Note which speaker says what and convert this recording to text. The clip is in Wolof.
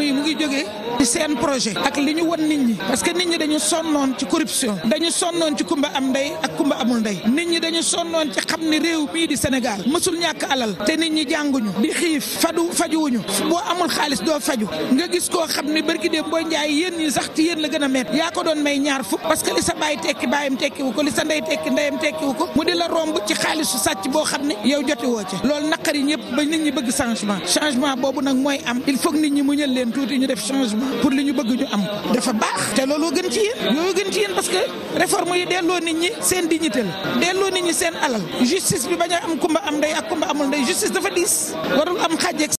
Speaker 1: terme yi mu ngi jógee ci seen projet ak li ñu wan nit ñi parce que nit ñi dañu sonnoon ci corruption dañu sonnoon ci kumba am ndey ak kumba amul ndey nit ñi dañu sonnoon ci xam ne réew mii di Sénégal mësul ñàkk alal te nit ñi jànguñu di xiif fadu fajuwuñu boo amul xaalis doo faju nga gis koo xam ne barki dem boo njaay yéen ñi sax ci yéen la gën a mett yaa ko doon may ñaar fukk parce que li sa baay tekki baayam tekkiwu ko li sa ndey tekki ndeyam tekkiwu ko mu di la romb ci xaalisu sàcc boo xam ne yow jote woo ca loolu naqari ñëpp ba nit ñi bëgg changement changement kanam tuuti ñu def changement pour li ñu bëgg ñu am dafa baax te looloo gën ci yéen looloo gën ci yéen parce que réforme yi delloo nit ñi seen dignité la delloo nit ñi seen alal justice bi bañ a am kumba
Speaker 2: am ndey ak kumba amul ndey justice dafa diis warul am xàjj